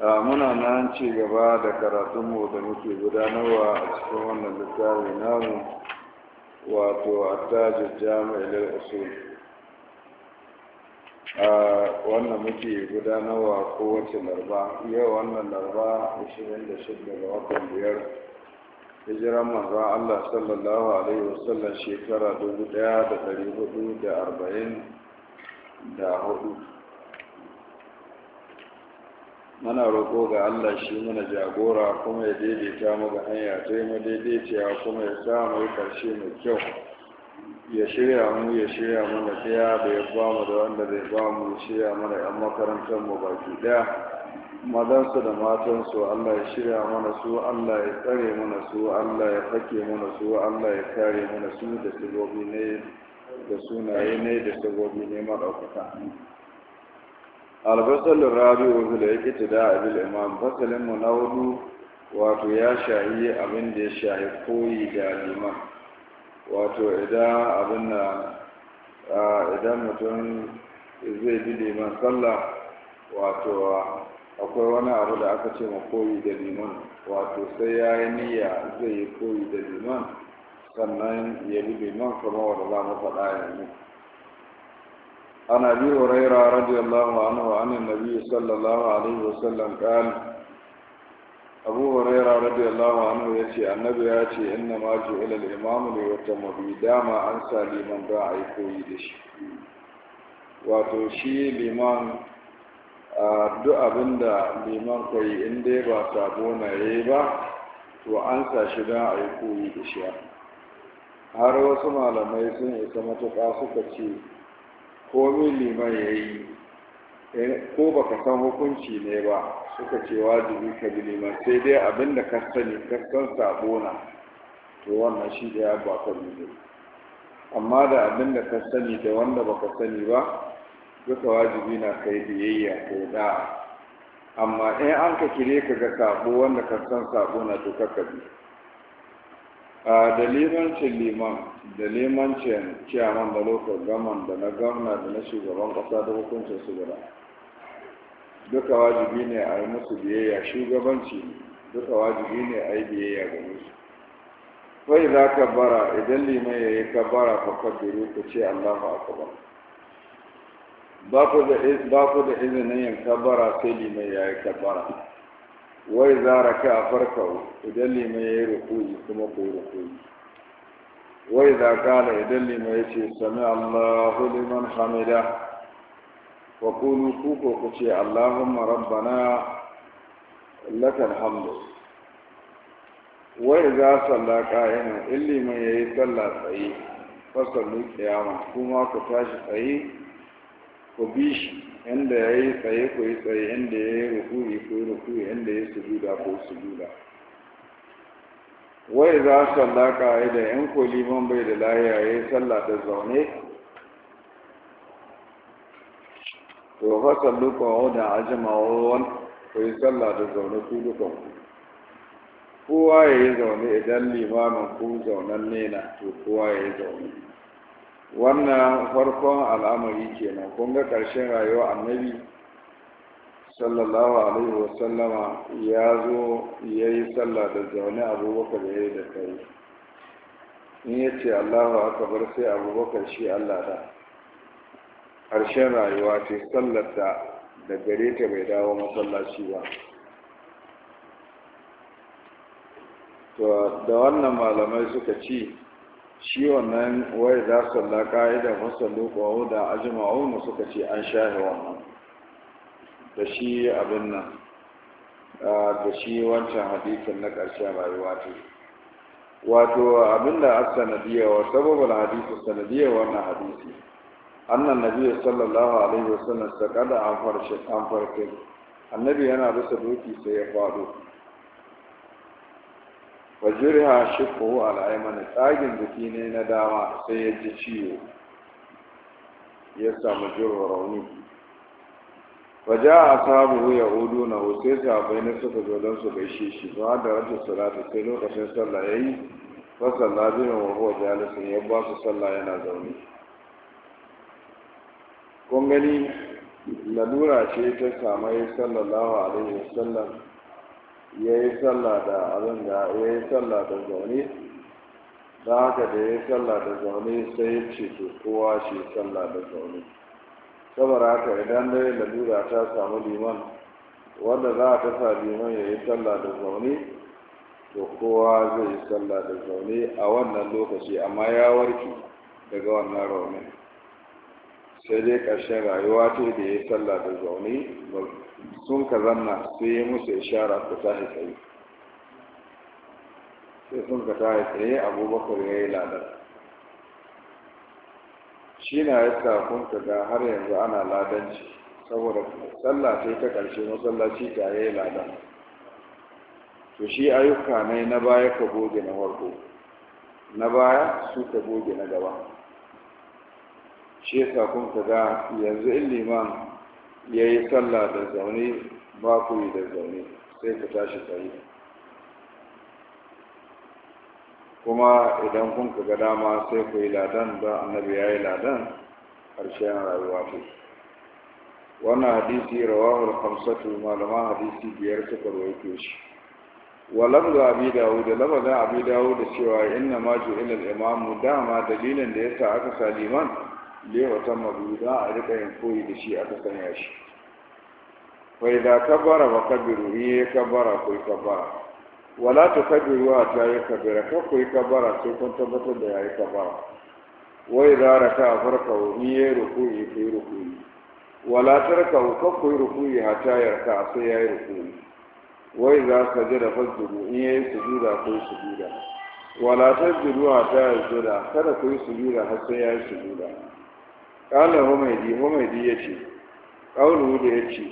muna nan ci gaba da karatunmu da muke gudanarwa a cikin wannan littafi namu wato attajin da usul a wannan muke gudanarwa kowace larba yau wannan larba 26 ga watan biyar hijiran manzon Allah sallallahu alaihi wasallam shekara 1440 da hudu muna roƙo ga Allah shi muna jagora kuma ya daidaita mu ga hanya ta yi madaidaiciya kuma ya sa mu ƙarshe mai kyau ya shirya mu ya shirya mana ɗaya da ya ba mu da wanda zai ba mu ya shirya mana yan makarantar mu baki ɗaya mazansu da matansu Allah ya shirya mana su Allah ya tsare mana su Allah ya fake mana su Allah ya kare mana su da sabobi ne da sunaye ne da sabobi ne maɗaukaka albasalin rabi'u da yake ta da abil imam fasalin mu na hudu wato ya shahi abin da ya shahi koyi da liman wato idan abin na idan mutum zai bi liman sallah wato akwai wani abu da aka ce ma koyi da liman wato sai ya yi niyya zai yi koyi da liman sannan ya bi liman kamar wanda za mu faɗa yanzu عن أبي هريرة رضي الله عنه عن النبي صلى الله عليه وسلم قال أبو هريرة رضي الله عنه يأتي النبي يأتي إنما جعل الإمام ليتم به دام أنسى لمن دعا يكوي دشي wato shi liman duk abin da liman kwayi in dai ba sabo na yi ba to an sa shi don a yi koyi da shi har wasu malamai sun isa matuƙa suka ce ko min liman ya yi eh, ko ba ka san hukunci ne ba suka ce wajibi ka bi liman sai dai abin da ka sani ka san sabo na to wannan shi da ya ba ka bi amma da abin da ka sani da wanda ba ka sani ba duka wajibi na kai biyayya Ko da, amma in an ka kire ka ga sabo wanda ka san sabo na to ka bi a da liman da neman ciyaman da lokacin gaman da na gwamna da na shugaban kasa da hukuncin su guda duka wajibi ne a yi musu biyayya shugabanci duka wajibi ne a yi biyayya ga musu Kai za ka bara idan liman ya yi ka bara ka kabbiru ku ce allahu akbar ba ku da izinin yin bara sai liman ya yi kabara wai za ka a farkawa idan liman ya yi rukuni kuma ku yi rukuni wai da kala idan lima ya ce sami allahu liman hamida wa kulu kuko ku ce allahumma rabbana lakal hamdu wai za salla ƙa'ina in ya yi salla tsaye fasallu kiyama kuma ku tashi ku bi shi inda ya yi tsaye ku yi tsaye inda ya yi rukuri ku yi rukuri inda ya yi sujuda ku sujuda wai za su sallaka idan yan koliman bai da lahiya ya yi sallah da zaune to fa salluka wadda da ajima wa ku yi sallah da zaune ku dukan kowa ya yi zaune idan limamin ku zaunan nena to kowa ya yi zaune wannan farkon al'amari kenan kun ga ƙarshen rayuwa annabi sallallahu alaihi wa sallama ya zo ya yi sallah da zaune abubakar ya yi da kai in ya ce allahu akabar sai abubakar shi allah da harshen rayuwa ce sallarta da gare ta bai dawo masallaci ba to da wannan malamai suka ci shi wannan wai za su la ƙa'idar wasu lokawa da ajima'u suka ce an shahe wannan da shi abin nan da shi wancan hadisin na ƙarshe ƙarshen rayuwa ta wato abin da a sanadiyya wa sababin hadisi sanadiyya wannan hadisi annan nabi sallallahu alaihi wasallam sakada an farshe an farce. annabi yana rasa doki sai ya faɗo wajirha shifo al'aimani tsagin jiki ne na dama sai ya ji ciwo ya samu jiro rauni waje a samu yahudu na hussein sahabbai na suka zo don su gaishe shi ba da rashin salatu sai lokacin sallah ya yi wa sallah bin wa huwa ya ba su sallah yana zaune kun gani lalura ce ta samai sallallahu alaihi wasallam ya yi sallah da abin da ya yi sallah da zaune da haka da ya yi sallah da zaune sai ya ce to kowa shi sallah da zaune saboda haka idan dai lalura ta samu liman wanda za a sa liman ya yi sallah da zaune to kowa zai yi sallah da zaune a wannan lokaci amma ya warke daga wannan raunin sai dai ƙarshen rayuwa ce da ya yi sallah da zaune sun ka zanna sai yi musu ishara ku tashi tsaye sai sun ka tashi tsaye abubakar ya yi ladar shi na ya kun ga har yanzu ana ladanci saboda sallah sai ta ƙarshe masallaci ta yi ladan to shi ayyuka ne na baya ka goge na warko na baya su ka goge na gaba shi ya ga yanzu in liman ya yi sallah da zaune ba ku yi da zaune sai ka tashi tsaye kuma idan kun ka ga dama sai ku yi ladan da annabi ya yi ladan harshen rayuwa ku wannan hadisi rawahul hamsatu, malaman hadisi biyar suka rawaito shi wa a abi dawud da lafazin abi dawud da cewa inna ma ju'ila al-imamu dama dalilin da yasa aka sa liman lewa ta mabuda a rika yin koyi da shi aka sanya shi fa idza kabbara wa kabbiru ya kabbara ko kabbara wala ta kabiru a ta yi kabira kan ku yi kabara sai kun tabbatar da ya yi kabara wai za a raka a farka ni ya yi rukuyi ku yi rukuyi wala tarka kan ku yi rukuyi a ta yarka sai ya yi rukuyi wai za ka ji da fasdudu in ya yi sujuda ku yi sujuda wala ruwa a ta yi sujuda kada ku yi sujuda har sai ya yi sujuda kala humaidi humaidi ya ce ƙaunu da ya ce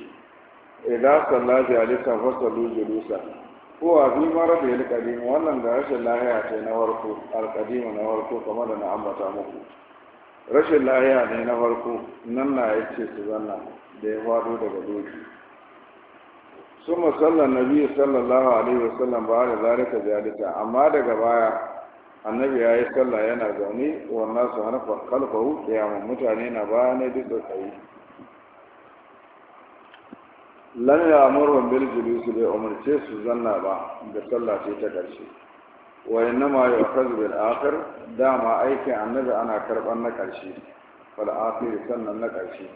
idan sallaji alisa fasalu julusa kowa bi mara da yali kadima wannan da rashin lahiya ce na farko alkadima na farko kamar da na ambata muku rashin lahiya ne na farko nan na ya ce su zanna da ya faɗo daga doki su musallan biyu sallallahu alaihi wasallam ba da zarika ziyarta amma daga baya annabi ya yi sallah yana zaune wannan su hana kalfahu kiyamun mutane na baya ne duk da tsaye lan ya amurwan bil julusi bai umarce su zanna ba da sallah ce ta karshe. wa innama ya kazu bil akhir dama aikin annabi ana karban na ƙarshe fal akhir sannan na ƙarshe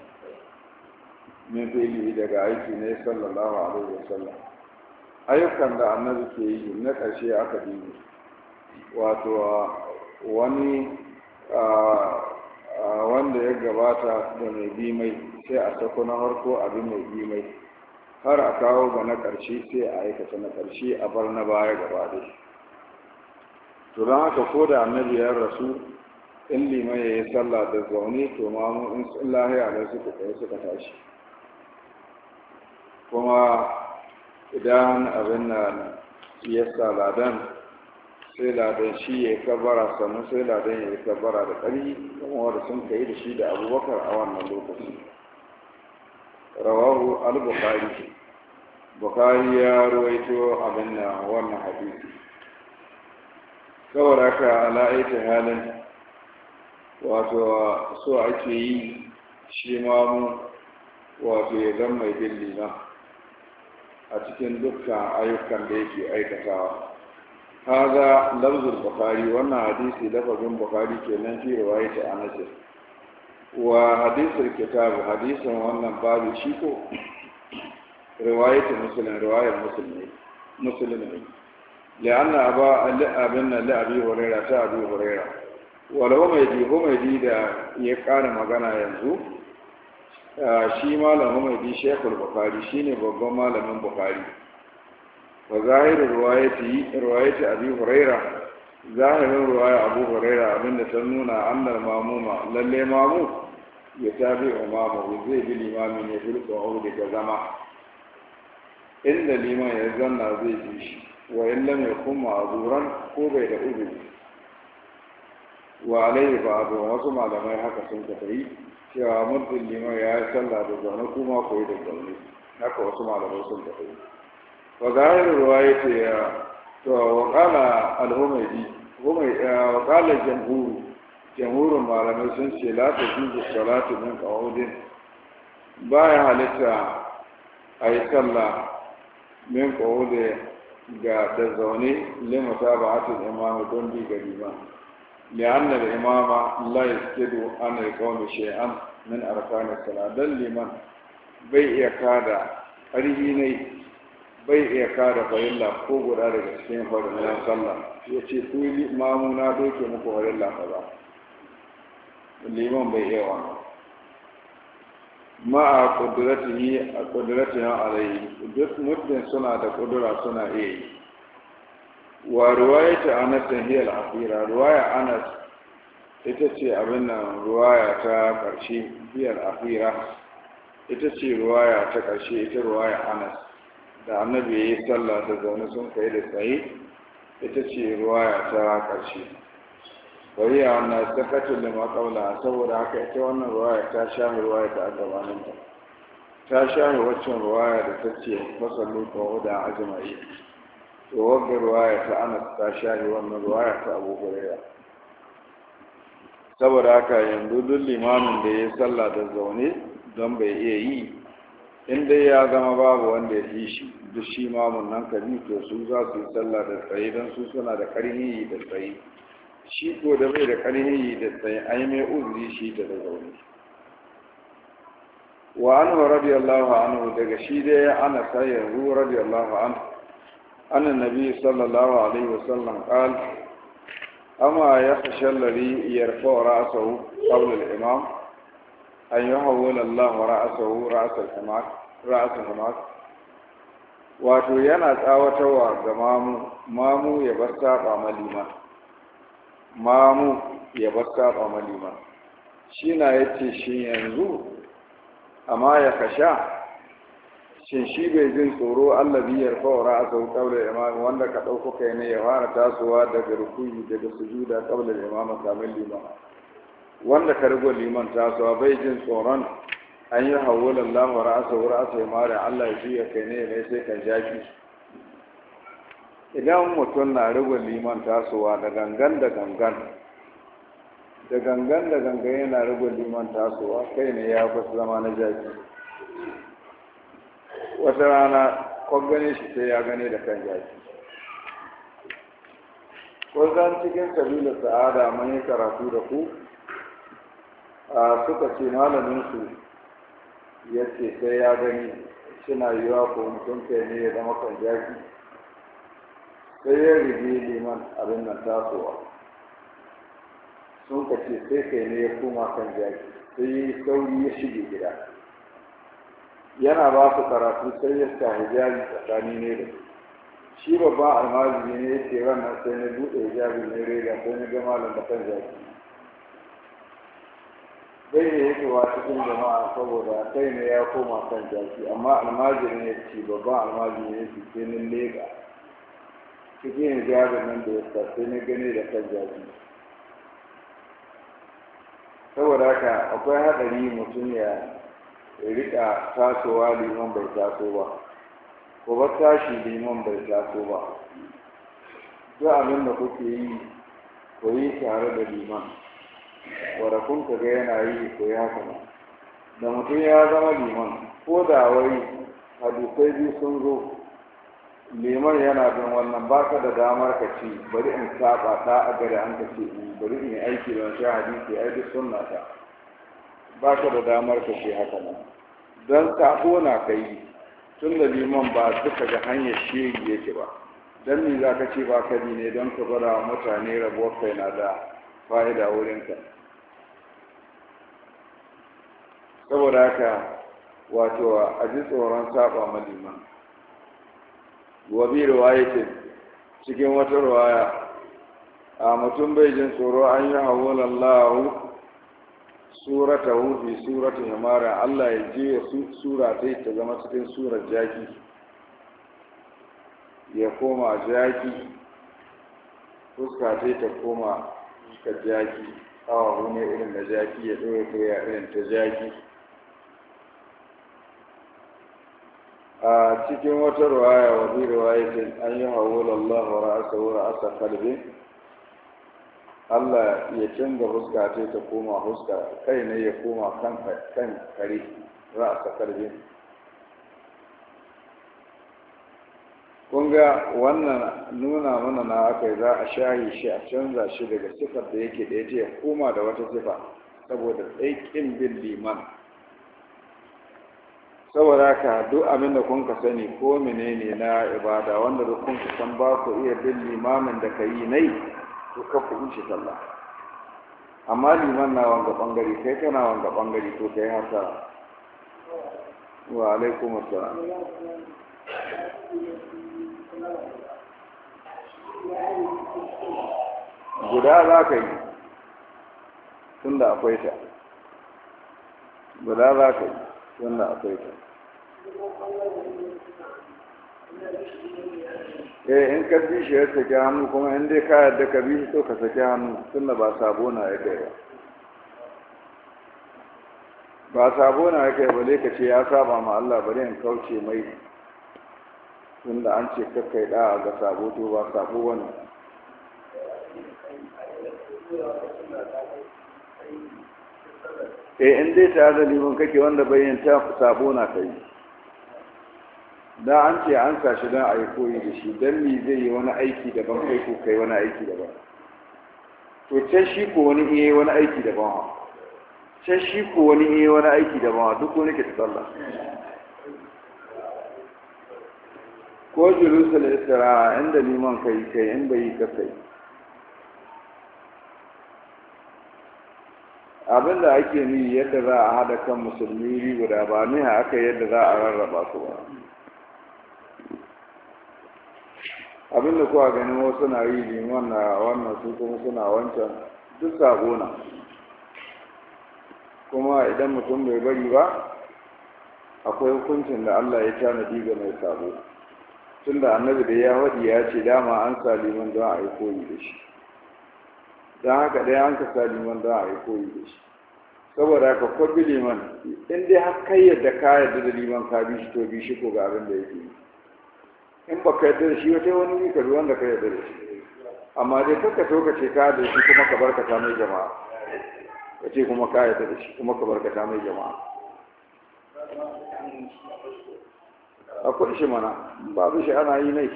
min fi'li daga aiki ne sallallahu alaihi sallam ayyukan da annabi ke yi na ƙarshe aka dubi wato wani wanda ya gabata da mai bi mai sai a sako na harko abin mai bi mai har a kawo ga na ƙarshe sai a aikata na ƙarshe a bar na baya gaba dai to don haka ko da annabi ya rasu in lima ya yi sallah da zaune to ma mu in sun lahiya ne suka kai suka tashi kuma idan abin na siyasa ladan sai ladan shi ya yi kabara sannu sai ladan ya yi kabara da ƙari kuma wanda sun kai da shi da abubakar a wannan lokacin. rawahu al-bukhari bukhari ya ruwaito abin da wannan hadisi Kawar haka ala'aita halin wato so ake yi shi mamu wato ya zan mai bin lima a cikin dukkan ayyukan da yake aikatawa haza lafzul bukhari wannan hadisi lafazin bukhari kenan fi riwayati anas wa hadisul kitab hadisan wannan babu shi ko riwayatu muslim riwayat muslim muslim ne لأن أبا أبن ta abi تأبي هريرة mai ji ko mai ji da ya يقال magana yanzu? shi malamin mai ji shekul bukari shi ne babban malamin bukari wa zahirin riwayati riwayati abi huraira zahirin ruwaya abu huraira abinda ta nuna annar mamuma lalle mamu ya tabi umamu zai bi limamin ya turka au ga zama inda liman ya zanna zai bi shi wa illam ya kuma azuran ko bai da uzuri wa alayhi ba abu wasu malamai haka sun ka yi cewa muddin liman ya yi sallah da zaune kuma koyi da zaune haka wasu malamai sun ka yi wa zahirin ruwa ya ce ya to wa kala al-humaydi wa kala jamhuru jamhurin malamai sun ce la ta salatu min qa'udin ya halitta a yi sallah min qa'udi ga da zaune limata ba hatin imamu don bi ga liman li'anna al-imama la yaskidu an al-qawmi shay'an min arkan as-salat dan liman bai iya kada ƙarfi ne bai iya kada farilla ko guda daga cikin farillan sallah ya ce ku yi mamuna doke muku farilla kaza liman bai iya a ma'a yi a kudratihi alayi duk muddin suna da kudura suna iya yi wa ruwaya ta anas hiyar akira ruwaya anas ita ce abin nan ruwaya ta karshe hiyar akira ita ce ruwaya ta karshe ita ruwaya anas da annabi ya yi sallah da zaune sun kai da tsaye ita ce ruwaya ta karshe wariya wannan da lima kaula saboda haka ita wannan ruwaya ta sha ruwaya da aka baninta ta sha waccan ruwaya da ta ce masallin kawo da ajima'i, to wagga ruwaya ta ana ta shahi wannan ruwaya ta abu saboda haka yanzu duk limamin da ya sallah da zaune don bai iya yi in dai ya zama babu wanda ya fi shi duk shi mamun nan kabi to su za su yi sallah da tsaye don su suna da karni da tsaye shi ko da bai da karhi da tsaye yi mai uzuri shi da wani. wa wa radiyallahu anhu daga shi dai ana sayar ru radiyallahu anhu أن النبي صلى الله عليه وسلم قال أما يخشى الذي يرفع رأسه An الإمام أن يحول الله رأسه رأس الحمار رأس الحمار wato yana tsawatarwa ga mamu mamu ya bar saba malima mamu ya bar saba malima shi na ya ce shi yanzu amma ya kasha shin shi bai jin tsoro Allah biyar fa'ura a sau kabla imam wanda ka ɗauko kai ne ya fara tasowa daga rukuyi daga sujuda kabla imam kamin liman wanda ka rigo liman tasowa bai jin tsoron an yi hawwala Allah ra'asa wa ra'asa ya mara Allah ya juya kai ne ya sai kan jaki idan mutum na riga liman tasowa da gangan da gangan da gangan da gangan yana riba liman tasowa kai ne ya fi zama na jaki wata rana kwan gane shi sai ya gane da kan jaki ko zan cikin kabilar sa'ada mun yi karatu da ku a suka ce malaminsu ya ce sai ya gani suna yiwa ko mutum kai ne ya zama kan jaki sai ya rige liman abin nan tasowa sun kace sai kai ne ya koma kan jaki sai ya yi sauri ya shige gida yana ba su karatu sai ya sa hijabi tsakani ne da shi babban almajiri ne yake ranar sai na buɗe hijabi ne rega sai na ga malam da kan jaki zai ne yake wa cikin jama'a saboda kai ne ya koma kan jaki amma almajiri ne ce babban almajiri ne ce sai na lega cikin jabin nan da ya sai na gane da kan jaji. saboda haka akwai haɗari mutum ya riƙa tasowa liman bai taso ba ko ba tashi liman bai taso ba duk abin da kuke yi ko yi tare da liman wadda kun ka ga yana yi ko ya kama da mutum ya zama liman ko da wai hadukai biyu sun zo liman yana bin wannan baka da damar ka ci bari in saba ta a gari an ka ce mm, bari in aiki da wani hadisi ai duk sunna ta baka da damar ka ce haka nan don sabo na ka yi tun da liman ba duka ga hanyar shiri yake ba don ni za ka ce ba kari ne don ka gwada mutane rabuwar kai na da fa'ida ka saboda haka wato a ji tsoron saba ma liman wa bi riwayatin cikin wata riwaya a mutum bai jin tsoro an yi hawwalallahu surata fi surati yamara Allah ya je sura ta ta zama cikin surar jaki ya koma jaki fuska ta ta koma ka jaki awa ne irin na jaki ya ɗoya ɗoya irin ta jaki a cikin wata ruwaya wa bi ruwayatin an yi hawul Allah wa ra'asa wa ra'asa kalbi Allah ya canza huska ta ta koma huska kai ne ya koma kan kan kare ra'asa kalbi kunga wannan nuna mana na akai za a shayi shi a canza shi daga sifar da yake da ya koma da wata sifa saboda tsaikin bin liman saboda ka duk abin da kun ka sani ko menene na ibada wanda duk kun san ba ku iya bin limamin da ka yi nai to ka ku shi sallah amma liman na wanga bangare kai kana wanga bangare to kai haka wa alaikum assalam guda za ka yi tunda akwai ta guda za ka yi wannan akwai ta eh in ka bi shi ya saki hannu kuma in dai ka yarda ka bi shi to ka saki hannu tunda ba sabo na ya kai ba ba sabo na ya kai ba dai ka ce ya saba ma Allah bari in kauce mai tunda an ce kakkai da ga sabo to ba sabo wani eh in dai tare da liman kake wanda bayan ta sabo na kai da an ce an sa don a yi koyi da shi don mi zai yi wani aiki daban kai ko kai wani aiki daban to can shi ko wani iya wani aiki daban ha can shi ko wani iya wani aiki daban ha duk wani ke tsalla ko da isra inda liman kai kai in bai yi ka kai abin da ake ni yadda za a hada kan musulmi guda ba ne aka yadda za a rarraba su ba abin da kuwa ganin wasu na yi ne wannan su kuma suna wancan duk sabo na kuma idan mutum bai bari ba akwai hukuncin da Allah ya tanadi diga mai sabo tunda annabi da ya faɗi ya ce dama an sa liman don a yi koyi da shi don haka ɗaya an ka sa liman don a yi koyi da shi saboda haka kwabi liman in dai har kai yadda ka yadda da liman ka bi shi to bi shi ko ga abin da yake in ba ka yadda da shi wata wani ne ka bi wanda ka yadda da shi amma dai kakka so ka ce ka da shi kuma ka barkata mai jama'a ka ce kuma ka yadda da shi kuma ka barkata mai jama'a akwai shi mana babu shi ana yi nai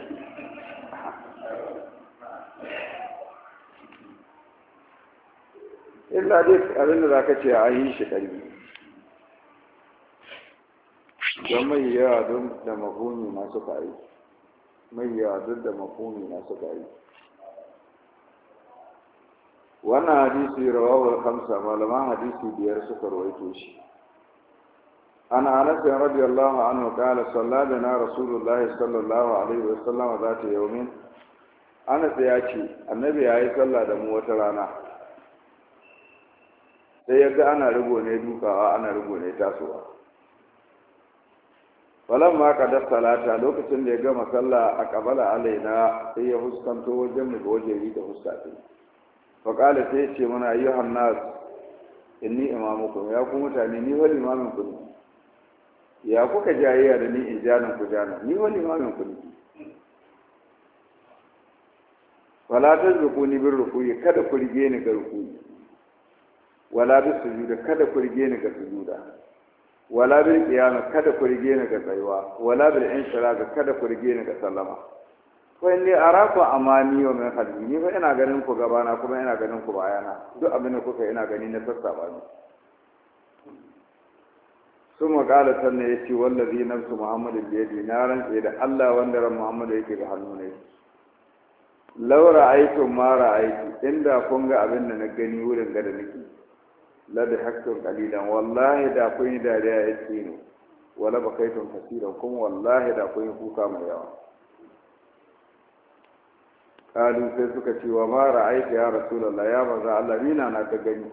illa dai abin da za ka ce a yi shi ƙarfi don mai yawa don da mahuni masu ƙari mai yawa don da mahuni masu ƙari wannan hadisi rawawar hamsa malaman hadisi biyar suka rawaito shi عن انس رضي الله عنه قال na لنا رسول الله صلى الله عليه وسلم ذات يوم انس يا ce annabi ya yi sallah da mu wata rana sai ya ga ana rigo ne dukawa ana rigo ne tasowa Falon ma ka da salata lokacin da ya gama sallah a kabala alaina sai ya huskanto wajen mu waje yi da huska ce fa qala sai ce mana ayyuhan nas inni imamukum ya ku mutane ni wal imamin ku ya kuka jayayya da ni in janin ku jana ni wal imamin ku wala tazruquni bir rukuyi kada ku rige ni ga rukuyi wala bi sujuda kada ku rige ni ga sujuda wala bi qiyama kada ku rige ni ga tsayuwa wala bi inshiraga kada ku rige ni ga sallama ko inni araku amani wa min hadi ni fa ina ganin ku gabana kuma ina ganin ku bayana duk abin da kuka ina gani na sassaba ne su maƙala sanna ya ce wallazi nafsu muhammadu biyadi na rantse da allah wanda ran muhammadu yake ga hannu ne laura aikin mara aiki inda kun ga abin da na gani wurin ga da nake la da haktun kalilan wallahi da kun yi dariya ya ne wala ba kai tun kuma wallahi da kun yi kuka mai yawa kalu sai suka ce wa ma ra'aita ya rasulullah ya maza Allah ni na ka gani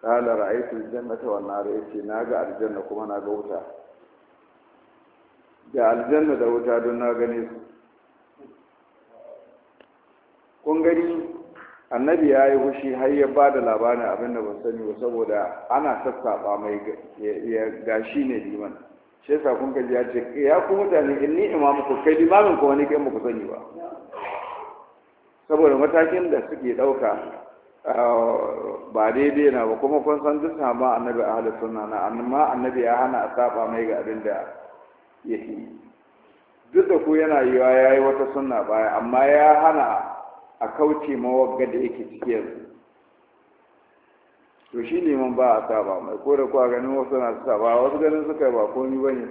kala ra'aitu jannata wa nar yace na ga aljanna kuma na ga wuta da aljanna da wuta don na gane su kun gani annabi ya yi hushi har ya ba da labarin abin da ban sani ba saboda ana sassaɓa mai gashi ne liman shi yasa kun kaji ya ce ya ku mutane in ni imamu ku kai limamin ku wani kai muku sani ba saboda matakin da suke ɗauka ba daidai na ba kuma kun san duk sama annabi a halittu na na amma annabi ya hana a saba mai ga abin da ya yi duk da ku yana yiwa ya yi wata sunna baya amma ya hana a kauce mawagga da yake ciki yanzu to shi neman ba a saba mai ko da kuwa ganin wasu na saba wasu ganin suka ba komi ba ne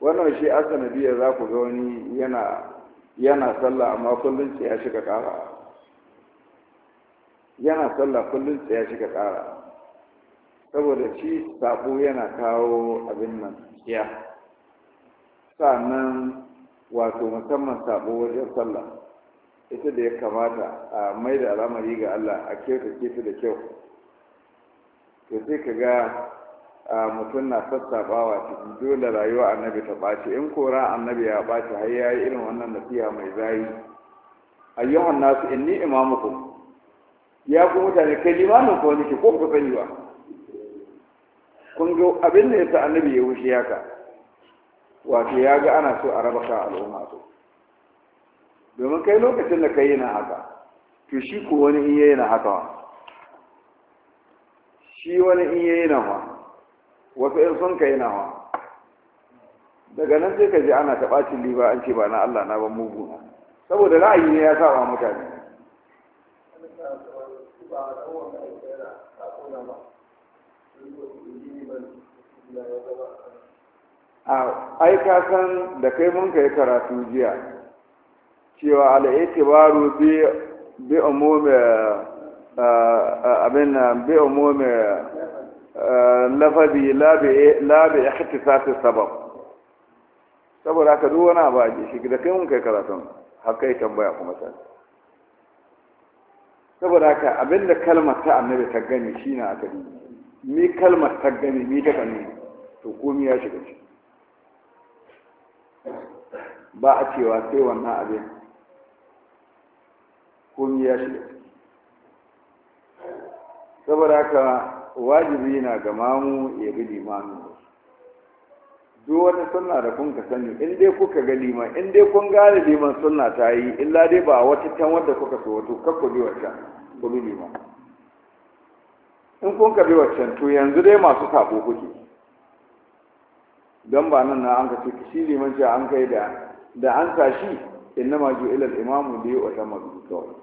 wannan shi asanadiyar za ku ga wani yana yana sallah amma kullum sai ya shiga ƙara yana sallah kullum sai ya shiga ƙara saboda shi sabo yana kawo abin nan ya nan wato musamman sabo wajen sallah ita da ya kamata a mai da al'amari ga Allah a kyautace su da kyau to sai ka ga mutum na sassabawa cikin dole rayuwa annabi ta ɓaci in kora annabi ya ɓaci har ya yi irin wannan nasiha mai zayi ayyuhan nasu inni imamukum ya ku mutane kai limamin ko nake ko ku sani ba kun ga abin da yasa annabi ya wuce ka wato ya ga ana so a raba ka al'umma to domin kai lokacin da ka yi na haka to shi ko wani in yi na haka shi wani in yi na wa wasu in sun ka yi na wa daga nan sai ka ji ana taɓa ɓacin liba an ce ba na Allah na ban mugu na saboda ra'ayi ne ya sawa mutane a ai ka san da kai mun kai karatu jiya cewa al'itibaru bi bi umumi abin bi umumi lafazi la bi ihtisasi sabab saboda ka duk wani abu a shi da kai mun kai karatun har kai tambaya kuma sai saboda ka abin da kalmar ta annabi ta gani shine aka yi mi kalmar ta gani mi ta gani to komai ya shiga ciki ba a cewa sai wannan abin komi ya shiga saboda haka wajibi na ga mamu ya bi limamin duk wani sunna da kun ka sani in dai kuka ga liman in dai kun gane liman sunna ta yi illa dai ba wata can wadda kuka so wato kakko bi waccan ku bi liman in kun ka bi waccan to yanzu dai masu sabo kuke don ba nan na an ka ce shi liman ce an kai da da an sa shi ma ju'ila ilal imamu yi wata bi kawai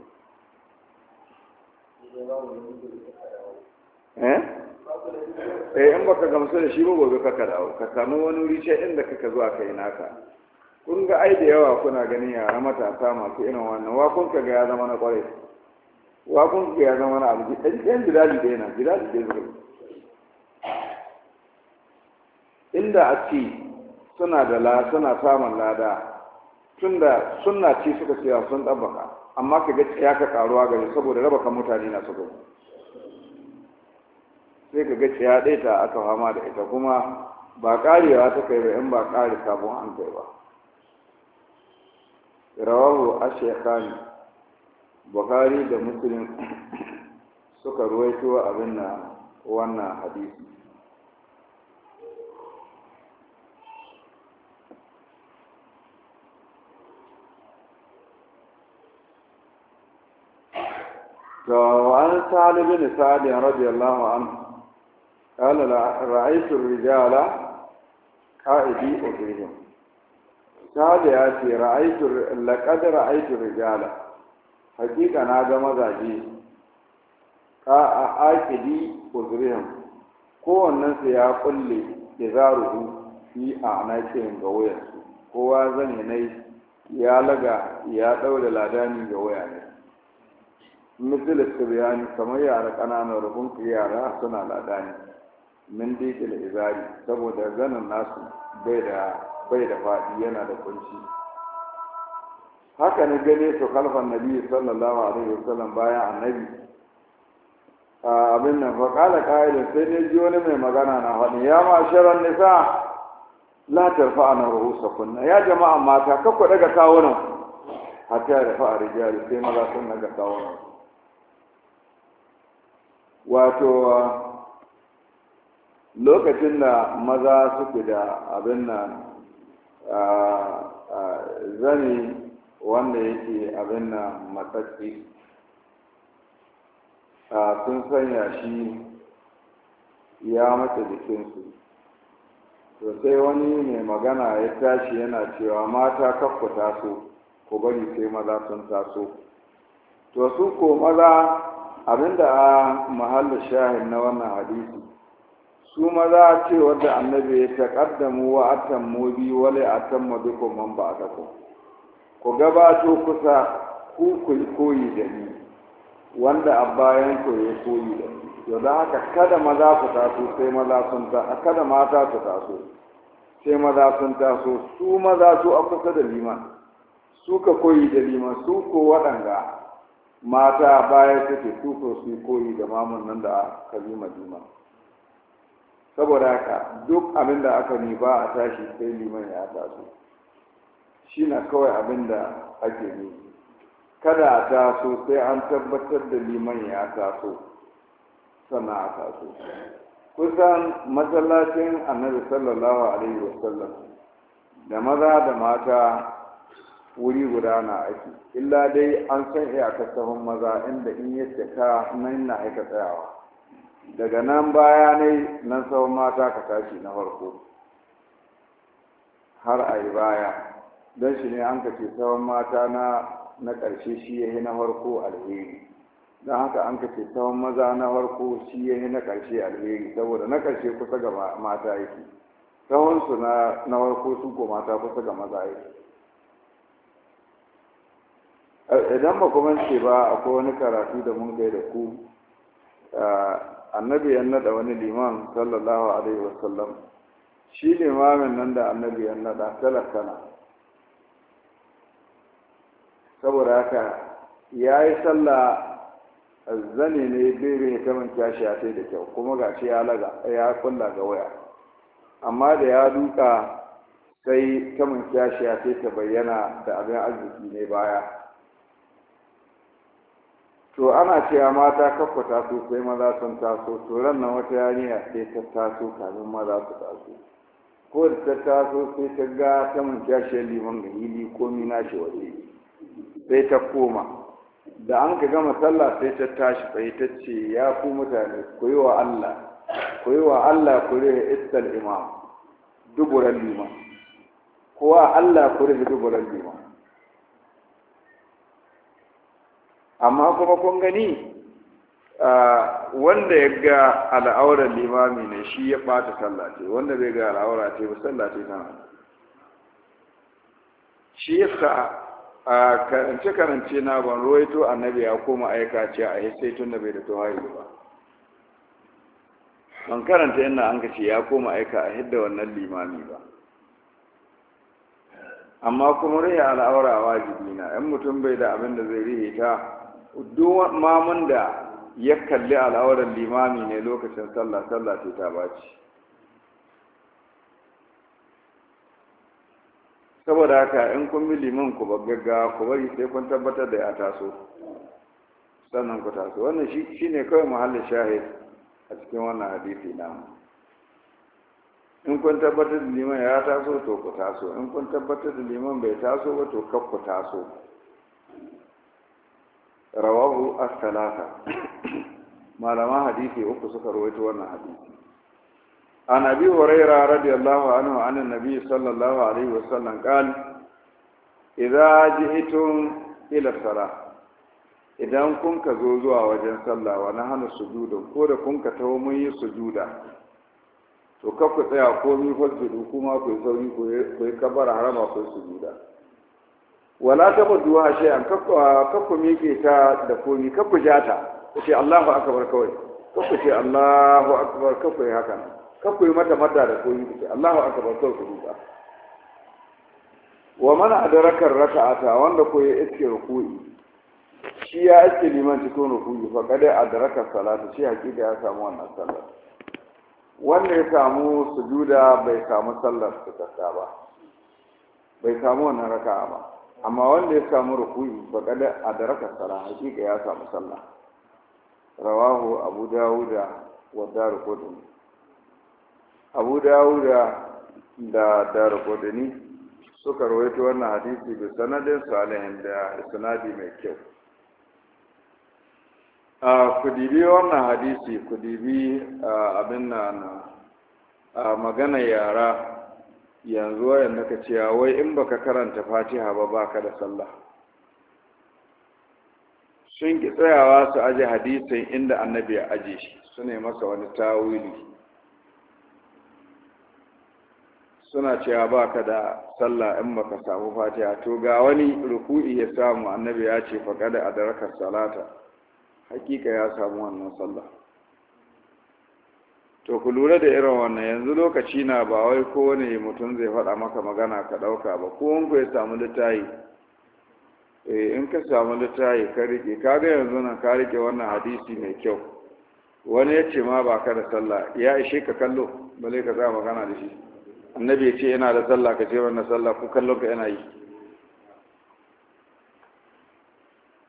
Eh? eh in baka gamsu da shi ba gobe ka dawo ka samu wani wuri ce inda kaka zuwa kai naka kun ga ai da yawa kuna ganin yara matasa masu irin wannan wa kun ka ga ya zama na kwarai wa kun ka ya zama na abu ɗan jirali da yana jirali da zai inda a ce suna da la suna samun lada tunda sunna ce suka ce sun ɗabbaka amma ka ga ya ka karuwa gari saboda raba kan mutane na sabo sai ka ga ya ɗaya ta aka fama da ita kuma ba ƙarewa ta kai ba in ba ƙare sabon an kai ba rawahu ashekani bukari da muslim suka ruwaito abin na wannan hadisi to an sa'ad bin sa'ad radiyallahu anhu qala ra'aytu ar-rijala qa'idi ukrihim sa'ad ya ce ra'aytu laqad ra'aytu rijala hakika na ga mazaje ka a aqidi ukrihim kowannen su ya kulle izaruhu fi a'naqihim ga wayarsu kowa zane nai ya laga ya daure ladani ga waya misali bayani kamar yara ƙananan rubun yara suna ne, min dikil izari saboda ganin nasu bai da faɗi yana da kunci haka ne gane su kalfan nabi sallallahu alaihi wasallam bayan annabi abin nan faƙala ƙa'ilin sai dai ji wani mai magana na hannu ya ma sharar nisa la tarfa ana rahusa kunna ya jama'a mata kakku daga kawunan hatta ya rafa a rijali sai maza sun daga kawunan wato lokacin da maza suke da abin nan zane wanda yake abin nan matsatsi sun sanya shi ya matsa jikinsu to sai wani mai magana ya tashi yana cewa mata kakku taso ku bari sai maza sun taso to su ko maza abinda a mahallin shahin na wannan hadisi su maza ce wadda annabi ya taƙaddamu wa a bi wale atamma dukum man ba'dakum ku gabato kusa ku ku koyi da ni wanda a bayan ku ya koyi da ni yau da haka kada maza ku taso sai maza sun ta kada mata su taso sai maza sun taso su maza su a kusa da liman su ka koyi da liman su ko waɗanga mata baya suke tuko su koyi da mamun nan da kalima juma saboda haka duk abin da aka ni ba a tashi sai liman ya taso shi na kawai abin da ake ni kada a taso sai an tabbatar da liman ya taso sana a taso kusan masallacin annabi sallallahu alaihi wasallam da maza da mata wuri guda na ake illa dai an san iyakar sahun maza inda in yadda ka nan na aika tsayawa daga nan baya ne nan sahun mata ka tashi na farko har a yi baya don shi ne an kace sahun mata na na ƙarshe shi ya na farko alheri don haka an kace sahun maza na farko shi ya na ƙarshe alheri saboda na ƙarshe kusa ga mata yake sahunsu na farko su ko mata kusa ga maza yake idan ba kuma ce ba akwai wani karatu da mun gaida ku annabi ya nada wani liman sallallahu alaihi wasallam shi limamin nan da annabi ya nada talakana saboda haka ya yi sallah zane ne bebe ta shi a sai da kyau kuma ga shi ya laga ya kulla ga waya amma da ya duka sai ta mankiya shi a sai ta bayyana da abin arziki ne baya to ana cewa mata kafa taso sai maza sun taso to ran nan wata yarinya sai ta taso kafin maza su taso ko da ta taso sai ta ga ta manta shi liman ga hili ko mina shi waje sai ta koma da an ka gama sallah sai ta tashi sai ta ce ya ku mutane ku yi wa Allah ku yi wa Allah ku rihe istal imam duburan liman kowa Allah ku rihe duburan liman amma kuma kun gani wanda ya ga al'aurar limami ne shi ya ɓata sallace wanda bai ga al'aura ce ba sallace tana shi ya sa a karance karance na ban ruwaito annabi ya koma aika ce a sai tun da bai da tuhayi ba ban karanta yana an ce ya koma aika a hidda wannan limami ba amma kuma rihe al'aura wajibi na yan mutum bai da abin da zai rihe ta duk mamun da ya kalli al'awarar limami ne lokacin sallah sallah ce ta baci saboda haka in kun bi liman ku gaggawa ku bari sai kun tabbatar da ya taso sannan ku taso wannan shi ne kawai mahallin shahid a cikin wannan hadisi namu in kun tabbatar da liman ya taso to ku taso in kun tabbatar da liman bai taso ba to kakku ku taso rawahu as-salata malama hadisi uku suka rawaito wannan hadisi an abi hurairah radiyallahu anhu an nabi sallallahu alaihi wasallam qala idza ji'tum ila salah idan kun ka zo zuwa wajen sallah wa hana sujudu ko da kun ka tawo mun yi sujuda to kafa ku tsaya ko mi fasjudu kuma ku yi sauri ku yi kabara harama ku sujuda wala ta ba duwa shay'an kakku miƙe ta da komi kakku ja ta ku ce Allahu akbar kawai kakku ce Allahu akbar kakku yi haka kakku yi mata mata da komi ku ce Allahu akbar kawai ku duba wa man adrakar raka'ata wanda ko ya iske ruku'i shi ya iske liman cikin ruku'i fa kada adraka salatu shi hakika ya samu wannan sallar wanda ya samu sujuda bai samu sallar su ba bai samu wannan raka'a ba amma wanda ya samu ba kada a daraka sara hakika ya samu sallah rawahu abu dawuda wa daruqutni abu dawuda da daruqutni suka rawaito wannan hadisi bi sanadin salihin da sanadi mai kyau a kudibi wannan hadisi kudibi abin nan magana yara yanzu wayan ka cewa wai in baka karanta fatiha ba baka da sallah sun ki tsayawa su aje hadisin inda annabi ya aje shi su ne masa wani tawili suna cewa baka da sallah in baka samu fatiha to ga wani ruku'i ya samu annabi ya ce a adraka salata hakika ya samu wannan sallah to ku lura da irin wannan yanzu lokaci na ba wai kowane mutum zai faɗa maka magana ka ɗauka ba ko ku ya samu littayi eh, in ka samu littayi ka rike kaga yanzu nan ka rike wannan hadisi mai kyau wani ya ce ma ba ka da sallah ya ishe ka kallo bale ka tsaya magana da shi annabi ya ce yana da sallah ka ce wannan sallah ko kallon ka yana yi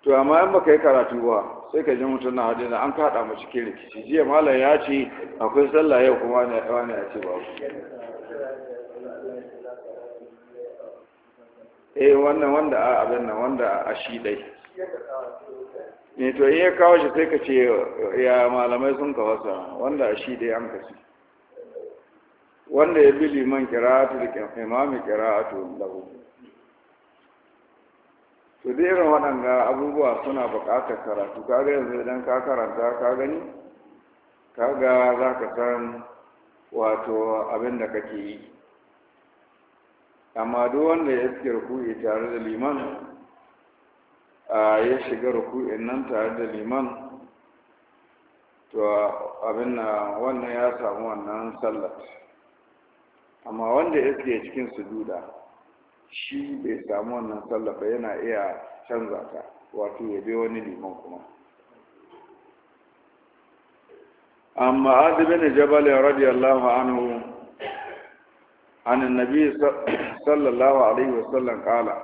to amma in baka yi karatu ba sai ka ji mutum na hadina, an kaɗa mu cikin rikici jiya malam ya ce akwai sallah yau kuma ne wani ya ce ba. eh wannan wanda a abin nan wanda a shi dai ne to iya kawo shi sai ka ce ya malamai sun ka wasa wanda a shi dai an kasi wanda ya bi liman kira'atu da imami kira'atu lahu to da irin waɗanga abubuwa suna buƙatar karatu kaga yanzu idan ka karanta ka gani kaga za ka san wato abin da kake yi amma duk wanda ya iske ruku'i tare da liman a ya shiga ruku'in nan tare da liman to abin na wannan ya samu wannan sallat amma wanda ya iske cikin sujuda shi bai samu wannan sallah ba yana iya canza ta wato ya bi wani liman kuma amma adi bin jabal radiyallahu anhu an nabi sallallahu alaihi wasallam kala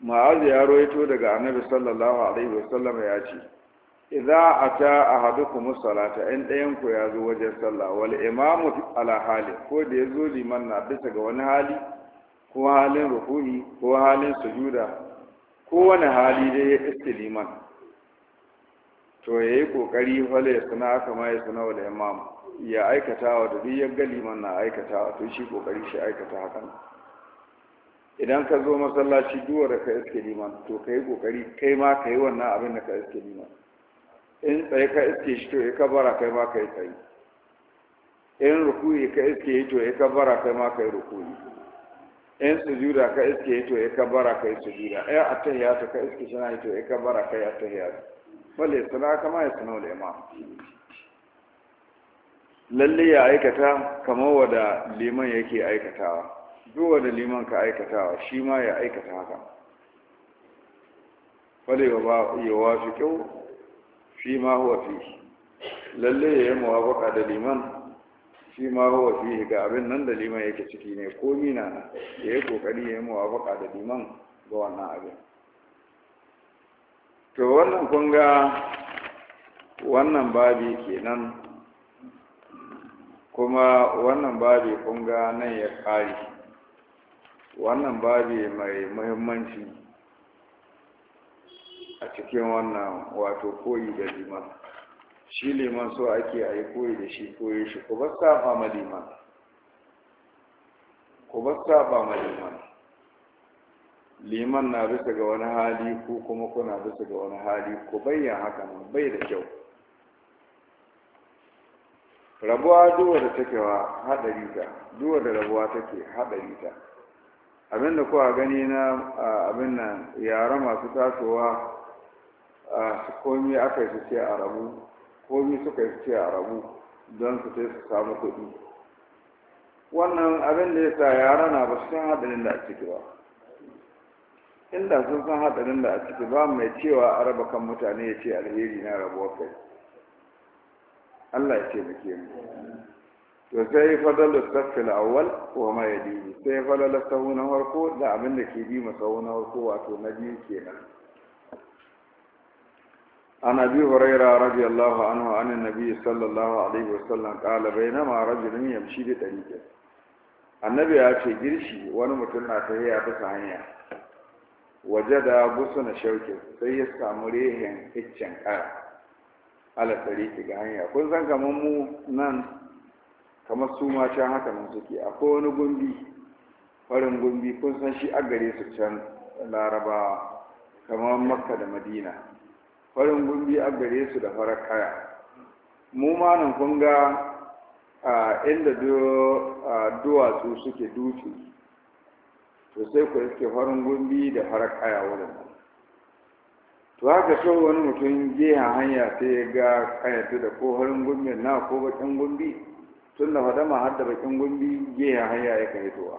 ma'az ya roito daga annabi sallallahu alaihi wasallam ya ce idza ata ahadukum salata in dayan ku ya zo wajen sallah wal imamu ala hali ko da yazo liman na bisa ga wani hali ko halin ruku'i ko halin sujuda kowane hali dai ya iske liman to ya yi ƙoƙari wale ya suna aka ma ya suna da imam ya aikata wa da duk ya ga liman na aikata to shi ƙoƙari shi aikata hakan idan ka zo masallaci da ka iske liman to ka yi ƙoƙari kai ma ka yi wannan abin da ka iske liman in tsaye ka iske shi to ya bara kai ma ka yi tsaye in rukuni ka iske yi to ya bara kai ma ka yi in sujuda ka iske ya to ya kabara ka yi sujuda ya attahiyatu ka iske shi na ya to ya kabara ka yi attahiyatu balle suna kama ya suna da imam lalle ya aikata kamar wada liman yake aikatawa duk da liman ka aikatawa shi ma ya aikata haka balle ya wafi kyau fi ma huwa fi lalle ya yi muwafaka da liman shi ma huwa fihi ga abin nan da liman yake ciki ne ko mina na da ya kokari ya yi muwafaka da liman ga wannan abin to wannan kunga wannan babi kenan kuma wannan babi kunga nan ya kare wannan babi mai muhimmanci a cikin wannan wato koyi da liman shi liman so ake a yi koyi da shi koyi shi ku ba saba ma liman ku ba saba ma liman liman na bisa ga wani hali ko kuma kuna bisa ga wani hali ku bayyana haka nan bai da kyau rabuwa duwa da take wa haɗari ta duwa da rabuwa take haɗari ta abin da kuwa gani na abin nan yara masu tasowa a komi aka yi su ce a rabu komi suka yi ce a rabu don su sai su samu kuɗi wannan abin da ya sa yara na ba su san haɗarin da a ciki ba inda sun san haɗarin da a ciki ba mai cewa a raba kan mutane ya ce alheri na rabuwar kai Allah ya ce muke mu to sai fadalu safil awwal wa ma yadi sai fadalu sahu na farko da abin da ke bi masa na farko wato na biyu kenan عن أبي هريرة رضي الله عنه عن النبي صلى الله عليه وسلم قال بينما رجل يمشي بطريقه annabi ya ce girshi wani mutum na ta tafiya bisa hanya waje da busu na shauke sai ya samu rehen iccen kara ala tsariki ga hanya kun san kamar mu nan kamar su ma can haka nan suke akwai wani gumbi farin gumbi kun san shi a gare su can larabawa kamar makka da madina farin gumbi a gare su da farar kaya mu ma nan kun ga inda duwatsu suke dutse to sai ku iske farin gumbi da farar kaya wurin to haka so wani mutum gehen hanya sai ya ga kayatu da ko farin gumbi na ko bakin gumbi tun da fadama har da bakin gumbi gehen hanya ya kai towa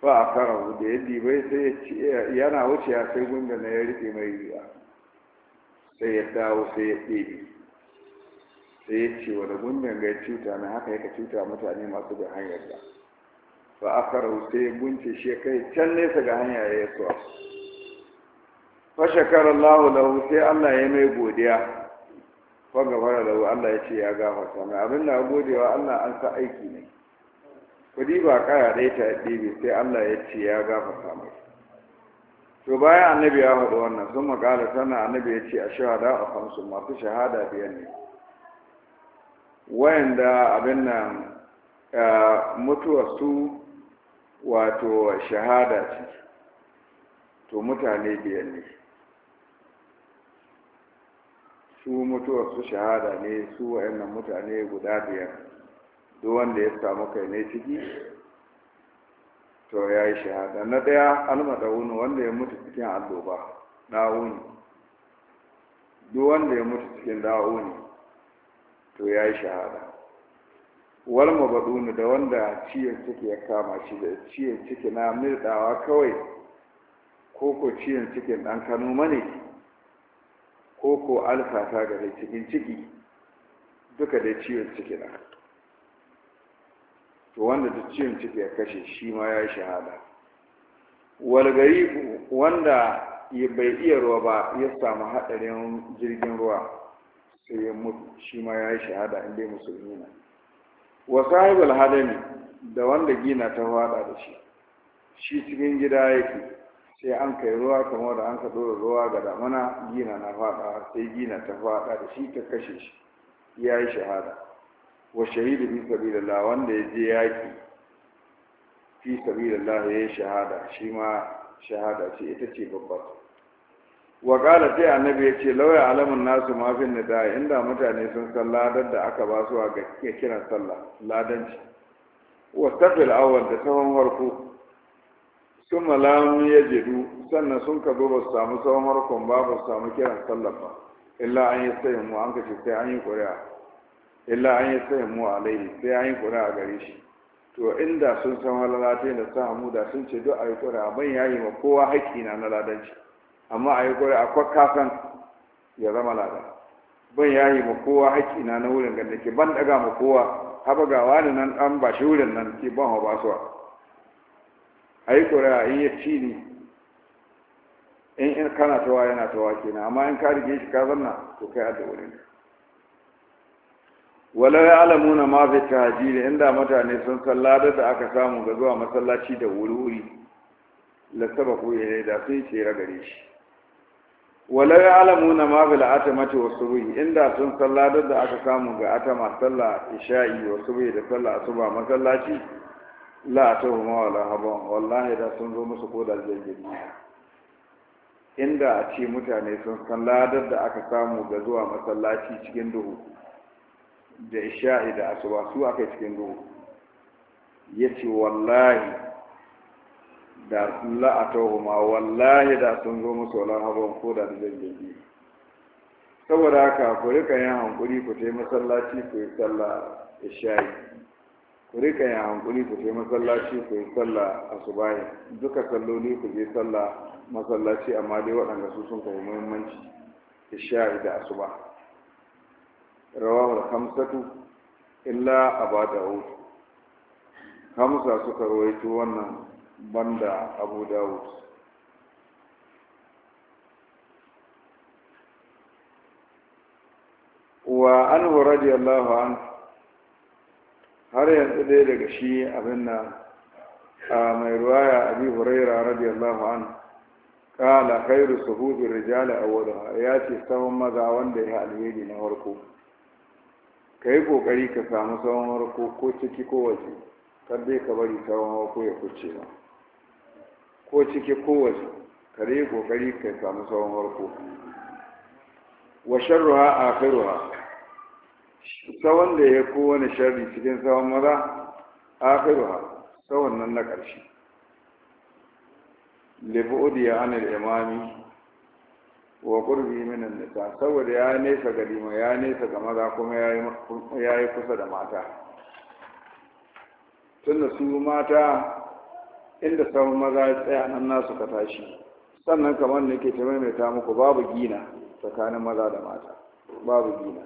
ba a hudu da ya dibai sai yana wuce sai gumbi na ya rike mai riya sai ya dawo sai ya ɗebe sai ya ce wani gungun ga cuta na haka yaka cuta mutane masu da hanyar da a akara sai ya gunce shi ya kai can nesa ga hanya ya yi fa lahu sai allah ya mai godiya fa da lahu allah ya ce ya gafarta mai abin da godewa allah an sa aiki ne kudi ba kara ɗaya ta ɗebe sai allah ya ce ya gafarta mai to bayan annabi ya faɗi wannan sun makala sannan annabi ya ce a shahada a kamsu masu shahada biyar ne wayanda abin nan mutuwa su wato shahada ce to mutane biyar ne su mutuwa su shahada ne su wayannan mutane guda biyar duk wanda ya samu kai ne ciki to ya yi shahada na ɗaya wuni wanda ya mutu cikin alloba wuni duk wanda ya mutu cikin wuni to ya yi shahada wal mabadunu da wanda ciyan ciki ya kama shi da ciyan ciki na mirdawa kawai ko ko ciyan cikin ɗan kano mane ko ko alfata ga cikin ciki duka dai ciyan ciki na to wanda ta ciwon ciki ya kashe shi ma ya shahada walgari wanda bai iya ruwa ba ya samu haɗarin jirgin ruwa sai ya mutu shi ma ya yi shahada inda dai musulmi na wa sahibul hadani da wanda gina ta hada da shi shi cikin gida yake sai an kai ruwa kamar da an ka dora ruwa ga damana gina na fada sai gina ta fada da shi ta kashe shi ya yi shahada wa shahidu fi sabilillah wanda ya je yaki fi sabilillah ya yi shahada shi ma shahada ce ita ce babba wa kala sai annabi ya ce lauya alamun nasu fi nida inda mutane sun san ladan da aka ba su a ga kiran sallah ladanci wa tafil awwal da tsawon farko sun malamu ya jidu sannan sun ka zo ba su samu tsawon harkon ba ba su samu kiran sallah ba illa an yi sai mu an ka ce sai an yi ƙuri'a illa an yi sai mu alaihi sai an yi kura a gare shi to inda sun san halalata da sa mu da sun ce duk a yi kura ban yayi ma kowa haƙƙi na na ladanci amma a yi kura akwai kasan ya zama lada ban yayi ma kowa haƙƙi na na wurin ganda ke ban daga ma kowa haba ga wani nan an ba shi wurin nan ke ban ba suwa a yi kura in ya ci ni in kana tawa yana tawa kenan amma in ka rige shi ka zanna to kai da wurin ka walau ya alamuna ma fi da inda mutane sun san ladar da aka samu ga zuwa masallaci da wuri-wuri lasaba ko ya da sun tsere gare shi walau ya alamuna ma fi la'atamati wa subuhi inda sun san ladar da aka samu ga atama sallah isha'i wa subuhi da sallah asuba masallaci la atahuma wala haban wallahi da sun zo musu kodar da jirgin inda a ce mutane sun san ladar da aka samu ga zuwa masallaci cikin duhu da isha'i da asuba su aka cikin duhu ya ce wallahi da sun la'atahu ma wallahi da sun zo musu wala habon ko da zai jirgi saboda haka ku rika yin hankuri ku tai masallaci ku yi sallah isha'i ku rika yin hankuri ku tai masallaci ku yi sallah yi duka kalloli ku je sallah masallaci amma dai waɗanda su sun kawo muhimmanci isha'i da asuba rawahul hamsatu illa aba dawud hamsa suka rawaito wannan banda abu dawud wa anhu Allahu an har yanzu ɗaya daga shi abin nan a mai ruwaya abi huraira radiyallahu anhu kala khairu suhudin rijali a awwaluha ya ce sahun maza wanda ya alheri na farko ka yi ƙoƙari ka samu tsawon harko ko ciki ko waje kar dai ka bari tsawon harko ya kuce ba ko ciki ko waje ka dai ƙoƙari ka samu tsawon harko wa sharruha akhiruha tsawon da ya kowane sharri cikin tsawon maza akhiruha tsawon nan na ƙarshe libu'udi odiya anil imami wa qurbi min nisa saboda ya nesa gari lima ya nesa ga maza kuma ya yi kusa da mata tunda su mata inda sabon maza ya tsaya nan nasu ka tashi sannan kamar da ke ta maimaita muku babu gina tsakanin maza da mata babu gina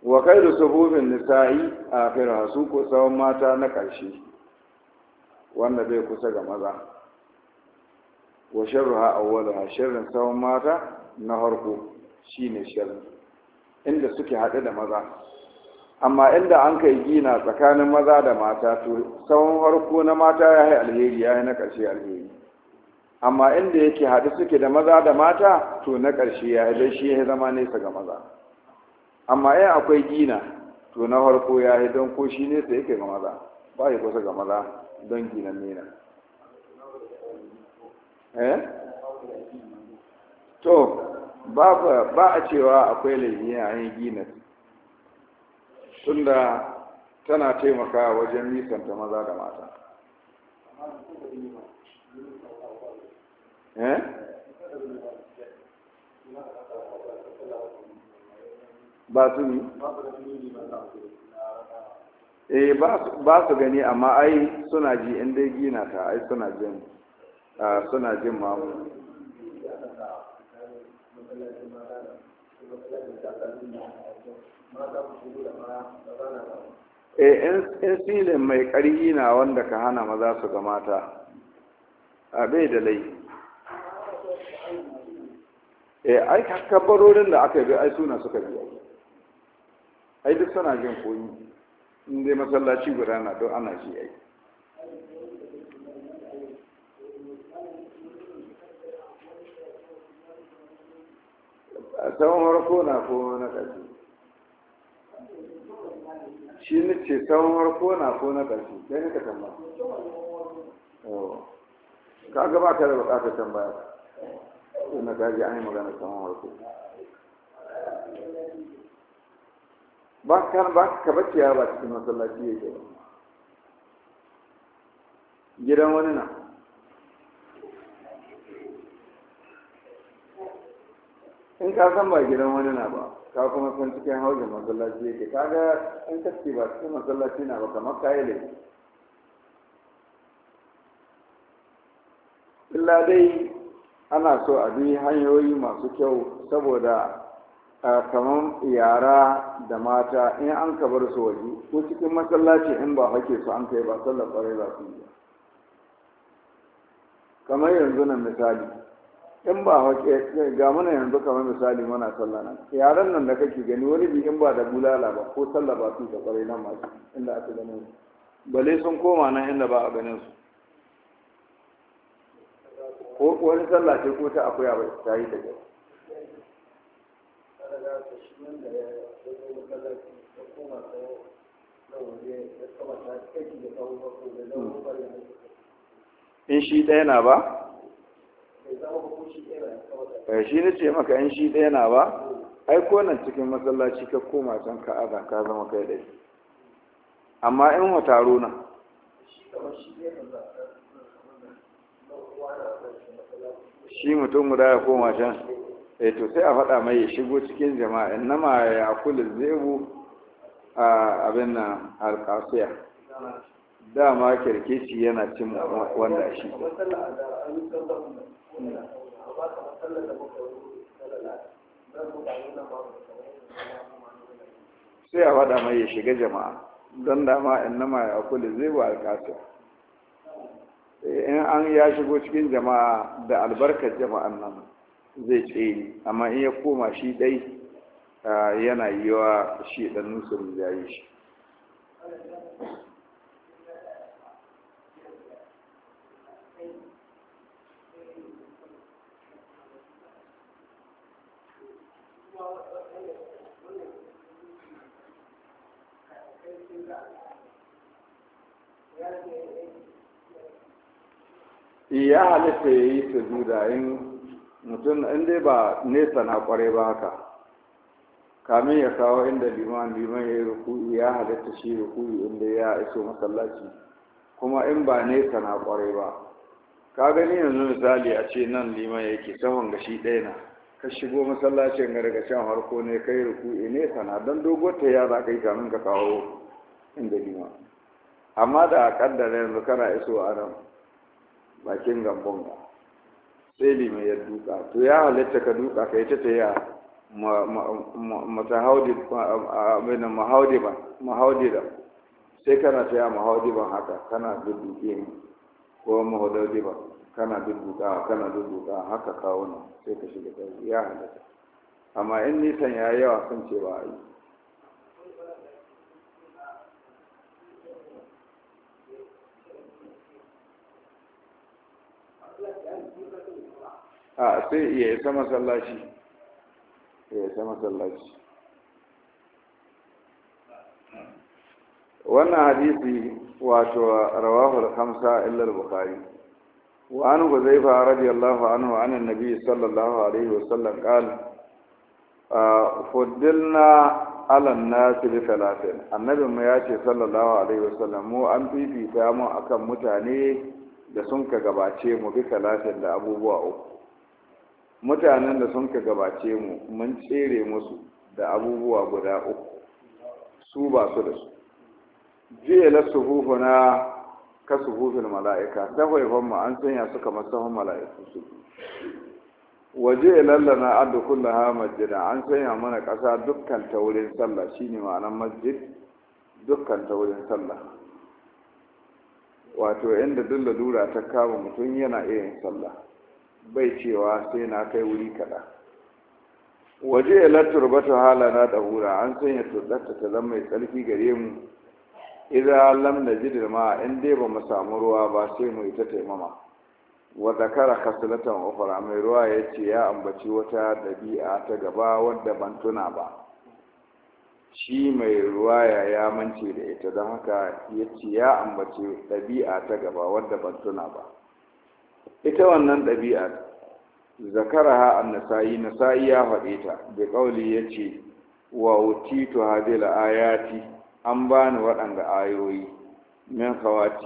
wa kai da sabobin nisa'i a firasu ko tsawon mata na ƙarshe wanda bai kusa ga maza wa sharruha awwaluha sharrin sawan mata na harko shine sharri inda suke hade da maza amma inda an kai gina tsakanin maza da mata to sawan harko na mata ya yi alheri ya yi na ƙarshe alheri amma inda yake haɗu suke da maza da mata to na ƙarshe ya yi don shi ya zama nesa ga maza amma in akwai gina to na harko ya yi don ko shi nesa yake ga maza ba ya kusa ga maza don gina nena Eh? to ba a cewa akwai laimiya an yi gina tunda tana taimakawa wajen nisanta maza da mata eh? ba su ni eh ba su gani amma ai suna ji in dai gina ta ai suna jin suna jin mamu eh, in silin mai ƙarfi na wanda ka hana maza su ga mata a bai da lai e ai kabbarorin da aka bi ai suna suka biya. ai duk suna jin koyi in dai masallaci guda na don ana ji ai a tsawon harko na ko na ƙarfi shi ni ce tsawon harko na ko na ƙarfi sai nika tambaya ka gaba ka da buƙatar tambaya don ta gaji an yi magana tsawon harko ba ka ba ka bacciya ba cikin masallaci ya ba gidan wani na in ka san ba gidan wani na ba ka kuma san cikin haujin masallaci yake ga in ka ce ba cikin masallaci na ba kamar yi laifi illa dai ana so a bi hanyoyi masu kyau saboda kamar yara da mata in an ka bar su waje ko cikin masallaci in ba hake su an kai ba sallar kwarai za su yi kamar yanzu nan misali in ba haƙe ga mana yanzu kamar misali mana sallah nan yaran nan da kake gani wani bi in ba da bulala ba ko sallah ba su da kwarai nan masu inda aka gani. su bale sun koma nan inda ba a ganin su ko wani sallah ce ko ta akwai ba ta yi da in shi ɗaya na ba Eh, shi ne ce maka in shi ɗaya na ba ai ko nan cikin masallaci ka koma can ka aza ka zama kai ɗaya amma in wa taro na shi mutum guda ya koma can eh to sai a faɗa mai ya shigo cikin jama'a innama ya kula zebu a abin na alƙasiya dama kirkici yana cin wanda shi sai a faɗa mai ya shiga jama'a don dama innama ya akuli zai wa alkasir in an ya shigo cikin jama'a da albarkar jama'an nan zai ce amma in ya koma shi ɗai yana yi wa shi ɗan nusa yi shi ya halitta ya yi sujuda in mutum in ba nesa na kware ba haka kamin ya kawo inda liman liman ya yi ruku'i ya halitta shi ruku'i inda ya iso masallaci kuma in ba nesa na kware ba ka gani yanzu misali a ce nan liman yake saman ga shi ɗaya na ka shigo masallacin ga daga can harko ne kai ruku'i nesa na don dogon ta ya za ka yi kamin ka kawo inda liman amma da a kaddara yanzu kana iso a nan bakin gambon ga sai lima ya duka to ya halitta ka duka ka yi ta mahaudi da sai kana mahaudi ba haka kana dudduke ne ko ba kana dudduka kana dudduka haka kawo sai ka shiga ya halitta amma in nisan ya yawa sun ce ba a yi a sai iya isa masallaci ya sama masallaci wannan hadisi wato rawahul hamsa illa al-bukhari wa an huzaifa radiyallahu anhu an annabi sallallahu alaihi wasallam qal fuddilna ala nasi bi thalathin annabin mu ya ce sallallahu alaihi wasallam mu an fifita mu akan mutane da sun ka gabace mu bi thalathin da abubuwa uku mutanen da sun ka gabace mu mun tsere musu da abubuwa guda uku su ba su da su jiya la na ka suhufin mala'ika ta haifan mu an sanya su kamar sahun mala'iku su waje lallana addu ha masjida an sanya mana ƙasa dukkan taurin sallah shine ma'anar masjid dukkan taurin sallah wato inda dulla dura ta kama mutum yana iya yin sallah bai cewa sai na kai wuri kaɗan. waje ya laturbata hala na hura an sanya turɗarta ta zama mai tsarki gare mu idan lam na ji ma in dai ba mu samu ruwa ba sai mu yi ta taimama wa zakara kasulatan ofara mai ruwa ya ce ya ambaci wata ɗabi'a ta gaba wadda ban tuna ba shi mai ruwa ya mance da ita don haka ya ce ya ambaci ɗabi'a ta gaba wadda ban tuna ba ita wannan ɗabi'a zakaraha Nasai nasayi ya faɗe ta da ƙauli ya ce wa to hadil ayati an bani waɗanda ayoyi min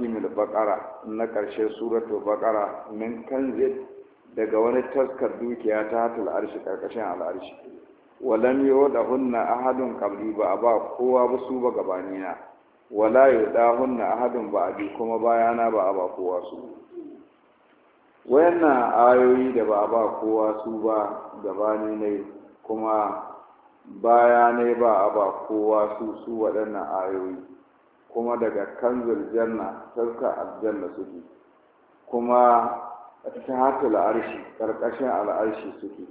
mil bakara na ƙarshen suratul bakara min kanzil daga wani taskar dukiya ta hatul arshi ƙarƙashin al'arshi walam yudahunna ahadun qabli ba ba kowa ba su ba gabanina wala yudahunna ahadun ba a bi kuma bayana ba ba kowa su wayannan ayoyi da ba ba kowa su ba gabani ne kuma baya ne ba a ba kowa su su waɗannan ayoyi kuma daga kanzul janna sarka aljanna suke kuma ta hatul arshi karkashin al'arshi suke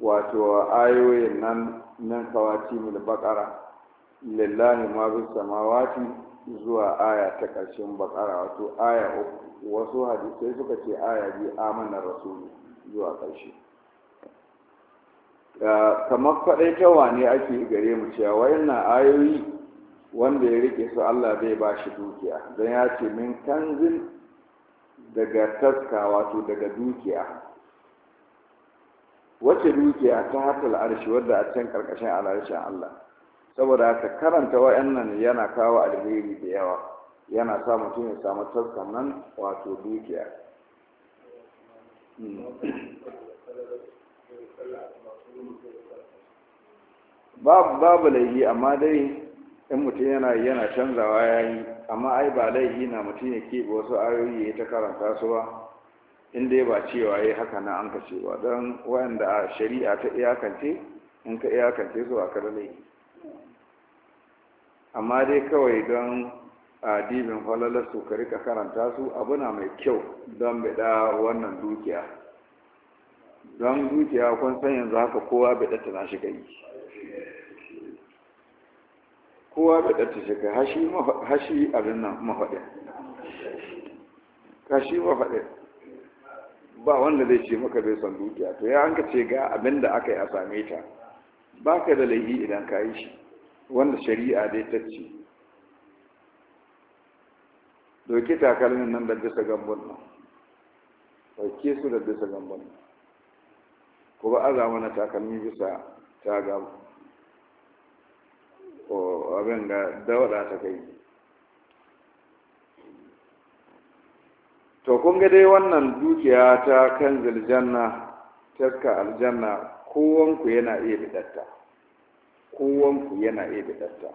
wato ayoyin nan nan kawaci mil baqara lillahi ma bis samawati zuwa aya ta ƙarshen bakara wato aya uku wasu hadisai suka ce aya bi amana rasulu zuwa ƙarshe kamar faɗai ta wane ake gare mu cewa wayannan ayoyi wanda ya rike su Allah zai ba shi dukiya don ya ce min kanzin daga taska wato daga dukiya wace dukiya ta hatal arshi wadda a can karkashin al'arshin Allah saboda haka karanta wa'annan yana kawo alheri da yawa yana sa mutum ya samu taskan nan wato dukiya hmm. babu babu laifi amma dai in mutum yana yana canzawa ya yi amma ai ba laifi na mutum ya keɓe wasu ayoyi ya ta karanta su ba in dai ba cewa ya haka na an ka cewa don wa'anda a shari'a ta iyakance in ka iyakance su ba ka laifi amma dai kawai don a dibin falalar su ka rika karanta su abuna mai kyau don bida wannan dukiya don dukiya kun san yanzu haka kowa bida ta na shiga yi kowa bida ta shiga hashi abin nan mafaɗin kashi mafaɗe ba wanda zai ce maka bai son dukiya to ya an ka ce ga abin da aka yi a same ta ba ka da laifi idan ka yi shi wanda shari'a dai ta ce doki takalmin nan da bisa gambon nan ɗauke su da bisa gambon nan ko ba aza mana takalmi bisa ta ga abin ga dawada ta kai to kun ga dai wannan dukiya ta kan ziljanna taska aljanna kowanku yana iya bidatta kowanku yana iya bidatta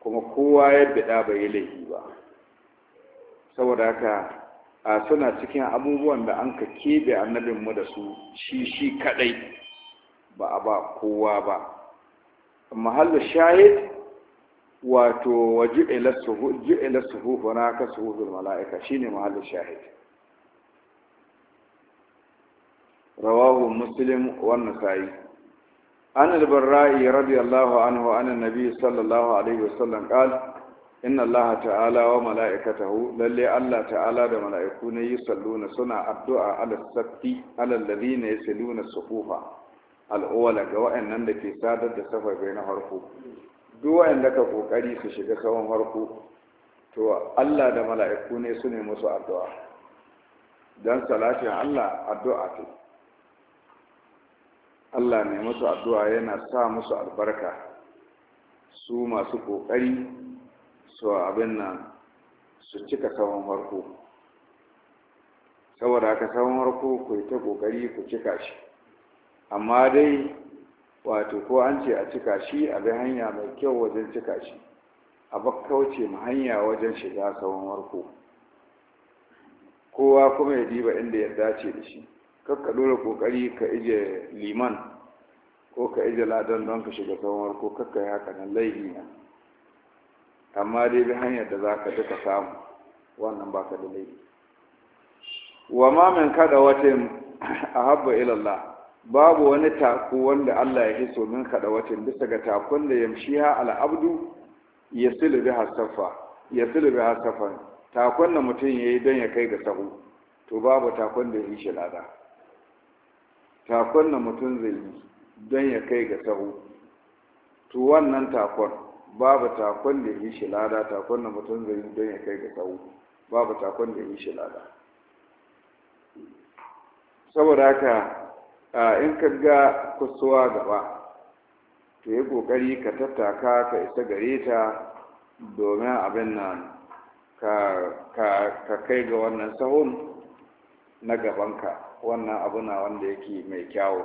kuma kowa ya bida bai yi laifi ba saboda haka a suna cikin abubuwan da an ka keɓe annabinmu da su shi shi kaɗai ba a ba kowa ba mahallu shahid wato wa ju'ila suhufu na ka suhufin mala'ika shine mahallu shahid rawahu muslim wannan sa'i عن البراء رضي الله عنه عن النبي صلى الله عليه وسلم قال إن الله تعالى وملائكته للي الله تعالى وملائكون يصلون سنة الدعاء على السبت على الذين يسلون الصفوف الأولى جوائن نندك سادة سفر بين هرفو duwayen da ka kokari su shiga tsawon harko to Allah da mala'iku ne su ne musu addu'a don salatin Allah addu'a ce Allah mai musu addu'a yana sa musu albarka su masu ƙoƙari su abin nan su cika saman farko saboda aka saman farko ku ta ƙoƙari ku cika shi amma dai wato ko an ce a cika shi a bi hanya mai kyau wajen cika shi a bakkauce ma hanya wajen shiga saman farko kowa kuma ya diba inda ya dace da shi ka dora kokari ka ije liman ko ka ije ladan don ka shiga tsawon ko kakka ya haka nan laifi na amma dai bi hanyar da za ka duka samu wannan ba ka da laifi wa ma min kada watin ahabba ila Allah babu wani taku wanda Allah ya hiso min kada watin bisa ga takun da yamshiha al'abdu ya silu biha safa ya silu biha safa takun da mutum yayi don ya kai ga sahu to babu takun da yi shi lada takon na mutum zai yi don ya kai ga sahu to wannan takon babu takon da yi shi lada takon na mutum zai yi don ya kai ga sahu babu takon da yi shi lada saboda haka in ka ga kusurwa gaba to yi kokari ka tattaka ka isa gare ta domin abin nan ka kai ga wannan sahun na gabanka wannan abu na wanda yake mai kyawu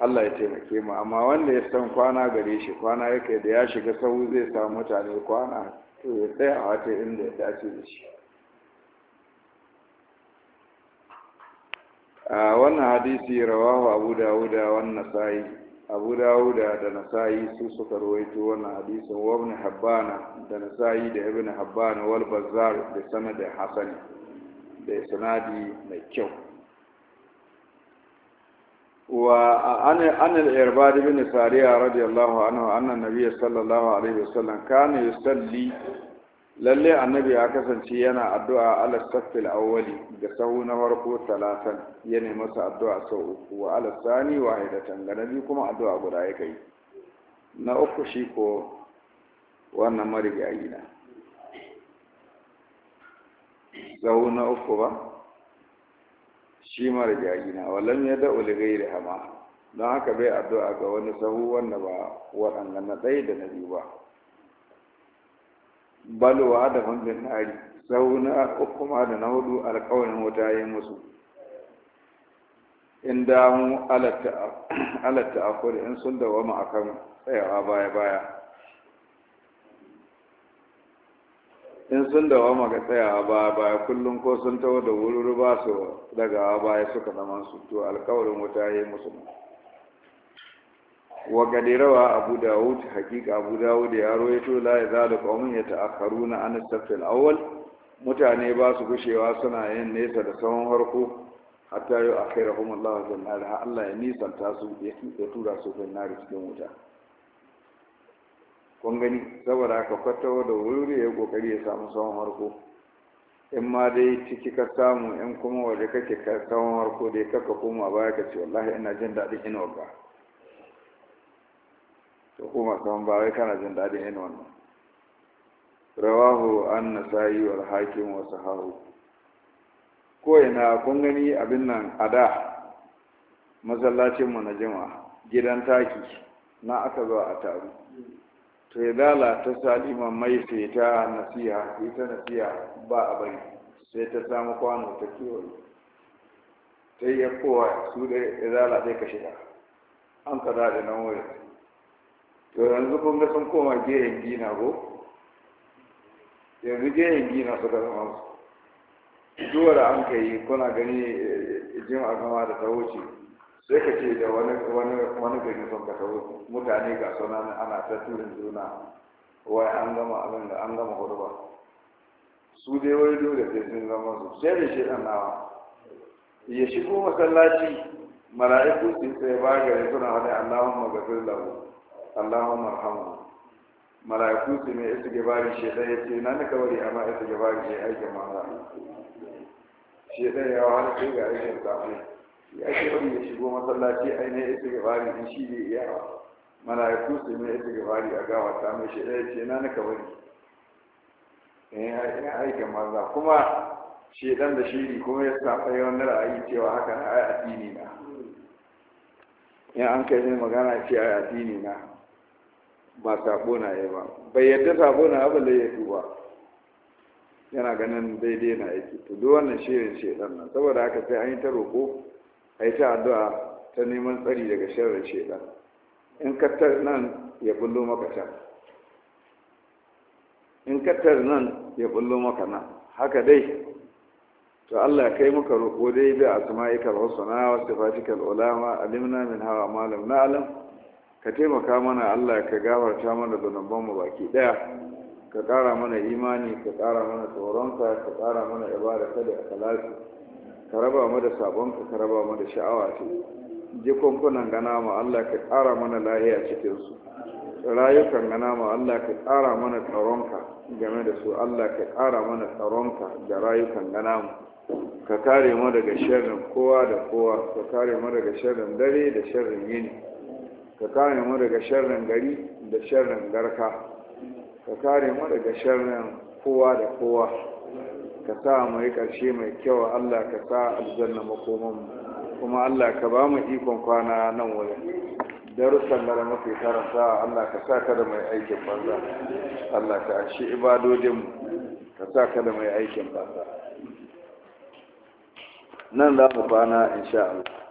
Allah ya taimake mu amma wanda ya san kwana gare shi kwana yake da ya shiga sau zai samu mutane kwana to ya tsaya a wata inda ya dace da shi a wannan hadisi rawahu abu dawuda wan nasa'i abu dawuda da nasa'i su suka rawaito wannan hadisin wa ibn habban da nasa'i da ibn habban wal bazzar da sanadin hasan da sanadi mai kyau wa an al-irbad ibn sariya radiyallahu anhu anna nabiyyi sallallahu alaihi wasallam kana yusalli lalle annabi ya kasance yana addu'a ala safil awwali ga sahu na farko talatan ya nemi masa addu'a sau uku wa ala sani wahidatan ga nabi kuma addu'a guda yake na uku shi ko wannan marigayi na tsawo na uku ba shi marigayi na walam ya da uligai da hama don haka bai addu'a ga wani sahu wanda ba waɗanda na ɗaya da na biyu ba balwa da hundun nari sahu na uku ma da na hudu alkawarin wuta yi musu in damu alatta akwai in sun dawama akan tsayawa baya-baya in sun dawama ga tsayawa ba baya kullum ko sun taho da wurin ba su daga baya suka zama su to alkawarin wuta ya yi musu wa gadirawa abu dawud hakika abu dawud ya to la ya ya qaumun na an as awwal mutane ba su gushewa suna yin nesa da sahun harko hatta yau akhirahum Allah jannah Allah ya nisanta su ya tura su cikin wuta kun gani saboda haka kwatawa da wuri ya kokari ya samu tsawon harko in ma dai ciki ka samu in kuma waje kake ka tsawon harko dai kaka koma baya ka ce wallahi ina jin daɗin ina wagga to koma tsawon baya kana jin daɗin ina wannan rawahu an sayi wal hakim wa sahahu ko ina kun gani abin nan a da Masallacinmu mu na jima gidan taki na aka zo a taru to ta lalata salima mai sai ta nasiha ita nasiha ba a bari sai ta samu kwano ta kewaye ta yi kowa su da lala zai ka shiga an ka da nan wurin to yanzu kun ga sun koma gehen gina ko yanzu gehen gina su ga zama su duwara an ka yi kuna gani eh, a gama da ta wuce sai ka ce da wani gari sun ka taho mutane ga suna ana ta turin juna wai an gama abin da an gama hudu ba su dai wai dole sai sun zama su sai da shi nawa ya shigo masallaci mala'iku sun sai ba gari suna wani allahumma gafir lahu allahumma arhamu mala'iku sun yi isa gabari shi ɗaya ya ce na ni kawai amma isa gabari shi aikin maza shi ɗaya ya wani sai ga aikin tafiya ya ce wani ya shigo masallaci a ne ya tsaye bari in shi ne iya ba mala'iku su ne ya tsaye bari a gawa ta mai shi ɗaya ce na naka bari eh, in aikin maza kuma shedan da shiri kuma ya sa yawan ra'ayi cewa haka na ayi addini na in an kai ne magana ce ayi addini na ba sabo na ya ba bai yadda sabo na abin da ya duba yana ganin daidai na yake to duk wannan shirin shedan nan saboda haka sai an yi ta roƙo a yi ta addu'a ta neman tsari daga sharrin shaidan in kattar nan ya bullo maka can in kattar nan ya bullo maka nan haka dai to Allah kai muka roƙo dai bi asma'ikal husna wa sifatikal ulama alimna min hawa malam na alam ka taimaka mana Allah ka gafarta mana zunuban mu baki daya ka ƙara mana imani ka ƙara mana tsoronka ka ƙara mana ibada da kalafi. ka raba mu da sabonka ka raba mu da sha'awa ce jikunkunan gana mu Allah ka ƙara mana lahiya cikinsu rayukan gana mu Allah ka ƙara mana tsaronka game da su Allah ka ƙara mana tsaronka da rayukan gana mu ka kare mu daga sharrin kowa da kowa ka kare mu daga sharrin dare da sharrin yini ka kare mu daga sharrin gari da sharrin garka ka kare mu daga sharrin kowa da kowa ka sa mu yi ƙarshe mai kyau Allah ka sa aljanna makoman kuma Allah ka ba mu ikon kwana nan wajen. darussan da mafi karanta Allah ka sa ka da mai aikin banza Allah ka shi ibadodin ka sa ka da mai aikin banza nan za mu kwana insha Allah